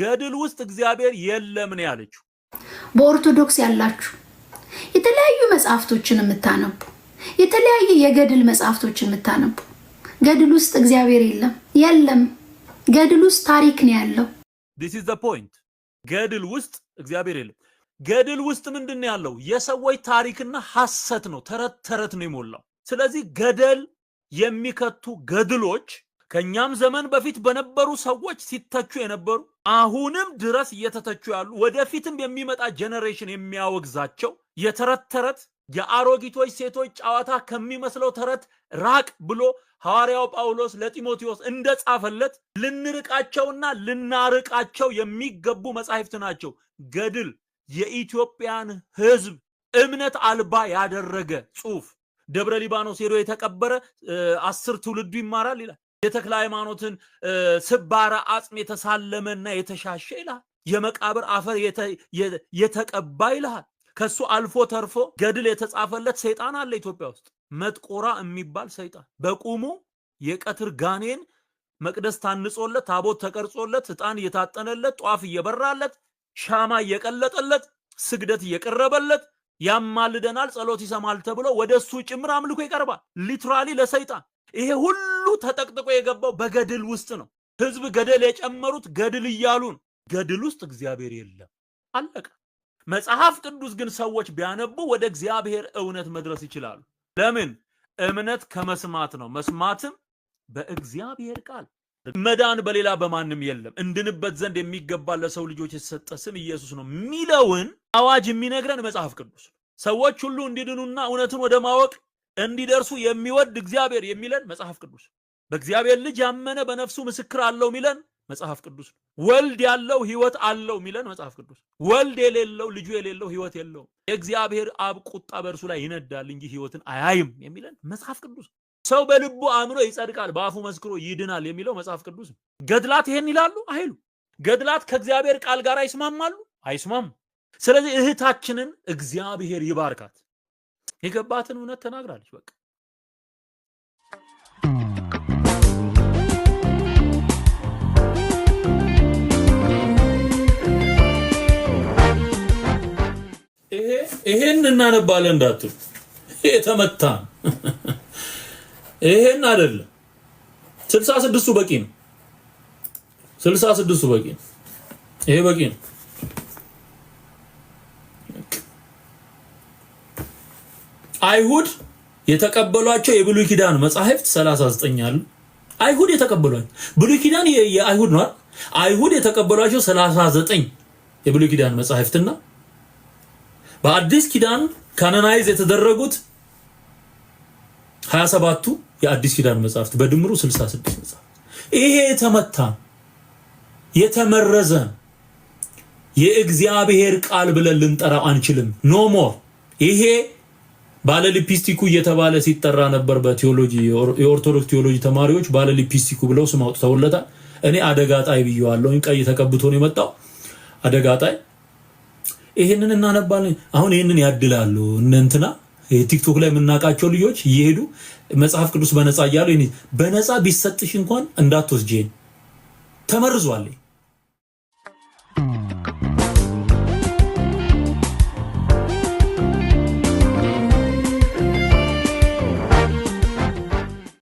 ገድል ውስጥ እግዚአብሔር የለም ነው ያለችው። በኦርቶዶክስ ያላችሁ የተለያዩ መጽሐፍቶችን የምታነቡ የተለያዩ የገድል መጽሐፍቶችን የምታነቡ ገድል ውስጥ እግዚአብሔር የለም የለም። ገድል ውስጥ ታሪክ ነው ያለው። ዲስ ኢዝ ዘ ፖይንት። ገድል ውስጥ እግዚአብሔር የለም። ገድል ውስጥ ምንድን ነው ያለው? የሰዎች ታሪክና ሐሰት ነው፣ ተረት ተረት ነው የሞላው። ስለዚህ ገደል የሚከቱ ገድሎች ከእኛም ዘመን በፊት በነበሩ ሰዎች ሲተቹ የነበሩ አሁንም ድረስ እየተተቹ ያሉ ወደፊትም የሚመጣ ጀኔሬሽን የሚያወግዛቸው የተረት ተረት የአሮጊቶች ሴቶች ጨዋታ ከሚመስለው ተረት ራቅ ብሎ ሐዋርያው ጳውሎስ ለጢሞቴዎስ እንደጻፈለት ልንርቃቸውና ልናርቃቸው የሚገቡ መጻሕፍት ናቸው። ገድል የኢትዮጵያን ሕዝብ እምነት አልባ ያደረገ ጽሑፍ ደብረ ሊባኖስ ሄዶ የተቀበረ አስር ትውልዱ ይማራል ይላል። የተክለ ሃይማኖትን ስባራ አጽም የተሳለመና የተሻሸ ይልሃል። የመቃብር አፈር የተቀባ ይልሃል። ከሱ አልፎ ተርፎ ገድል የተጻፈለት ሰይጣን አለ። ኢትዮጵያ ውስጥ መጥቆራ የሚባል ሰይጣን በቁሙ የቀትር ጋኔን መቅደስ ታንጾለት ታቦት ተቀርጾለት ዕጣን እየታጠነለት ጧፍ እየበራለት ሻማ እየቀለጠለት ስግደት እየቀረበለት ያማልደናል፣ ጸሎት ይሰማል ተብሎ ወደ እሱ ጭምር አምልኮ ይቀርባል። ሊትራሊ ለሰይጣን ይሄ ሁሉ ተጠቅጥቆ የገባው በገድል ውስጥ ነው። ህዝብ ገደል የጨመሩት ገድል እያሉ ነው። ገድል ውስጥ እግዚአብሔር የለም፣ አለቀ። መጽሐፍ ቅዱስ ግን ሰዎች ቢያነቡ ወደ እግዚአብሔር እውነት መድረስ ይችላሉ። ለምን? እምነት ከመስማት ነው፣ መስማትም በእግዚአብሔር ቃል። መዳን በሌላ በማንም የለም፣ እንድንበት ዘንድ የሚገባ ለሰው ልጆች የተሰጠ ስም ኢየሱስ ነው የሚለውን አዋጅ የሚነግረን መጽሐፍ ቅዱስ ነው። ሰዎች ሁሉ እንዲድኑና እውነትን ወደ ማወቅ እንዲደርሱ የሚወድ እግዚአብሔር የሚለን መጽሐፍ ቅዱስ በእግዚአብሔር ልጅ ያመነ በነፍሱ ምስክር አለው የሚለን መጽሐፍ ቅዱስ ወልድ ያለው ህይወት አለው የሚለን መጽሐፍ ቅዱስ ወልድ የሌለው ልጁ የሌለው ህይወት የለውም። የእግዚአብሔር አብ ቁጣ በእርሱ ላይ ይነዳል እንጂ ህይወትን አያይም የሚለን መጽሐፍ ቅዱስ ሰው በልቡ አምኖ ይጸድቃል፣ በአፉ መስክሮ ይድናል የሚለው መጽሐፍ ቅዱስ ገድላት ይሄን ይላሉ አይሉ። ገድላት ከእግዚአብሔር ቃል ጋር አይስማማሉ አይስማሙ። ስለዚህ እህታችንን እግዚአብሔር ይባርካት። የገባትን እውነት ተናግራለች። በቃ ይሄን እናነባለን እንዳትሉ፣ የተመታ ይሄን አይደለም። ስልሳ ስድስቱ በቂ ነው። ስልሳ ስድስቱ በቂ ነው። ይሄ በቂ ነው። አይሁድ የተቀበሏቸው የብሉይ ኪዳን መጻሕፍት 39 አሉ። አይሁድ የተቀበሏቸው ብሉይ ኪዳን የአይሁድ ነው። አይሁድ የተቀበሏቸው 39 የብሉይ ኪዳን መጻሕፍትና በአዲስ ኪዳን ካናናይዝ የተደረጉት 27ቱ የአዲስ ኪዳን መጻሕፍት በድምሩ 66 መጻሕፍት። ይሄ የተመታ የተመረዘ የእግዚአብሔር ቃል ብለን ልንጠራው አንችልም። ኖ ሞር ይሄ ባለ ሊፕስቲኩ እየተባለ ሲጠራ ነበር። በቴዎሎጂ የኦርቶዶክስ ቴዎሎጂ ተማሪዎች ባለ ሊፕስቲኩ ብለው ስም አውጥተውለታል። እኔ አደጋ ጣይ ብየዋለሁኝ። ቀይ ተቀብቶ ነው የመጣው አደጋ ጣይ። ይህንን እናነባለን። አሁን ይህንን ያድላሉ እነንትና ቲክቶክ ላይ የምናውቃቸው ልጆች እየሄዱ መጽሐፍ ቅዱስ በነፃ እያሉ በነፃ ቢሰጥሽ እንኳን እንዳትወስጄን ተመርዟል።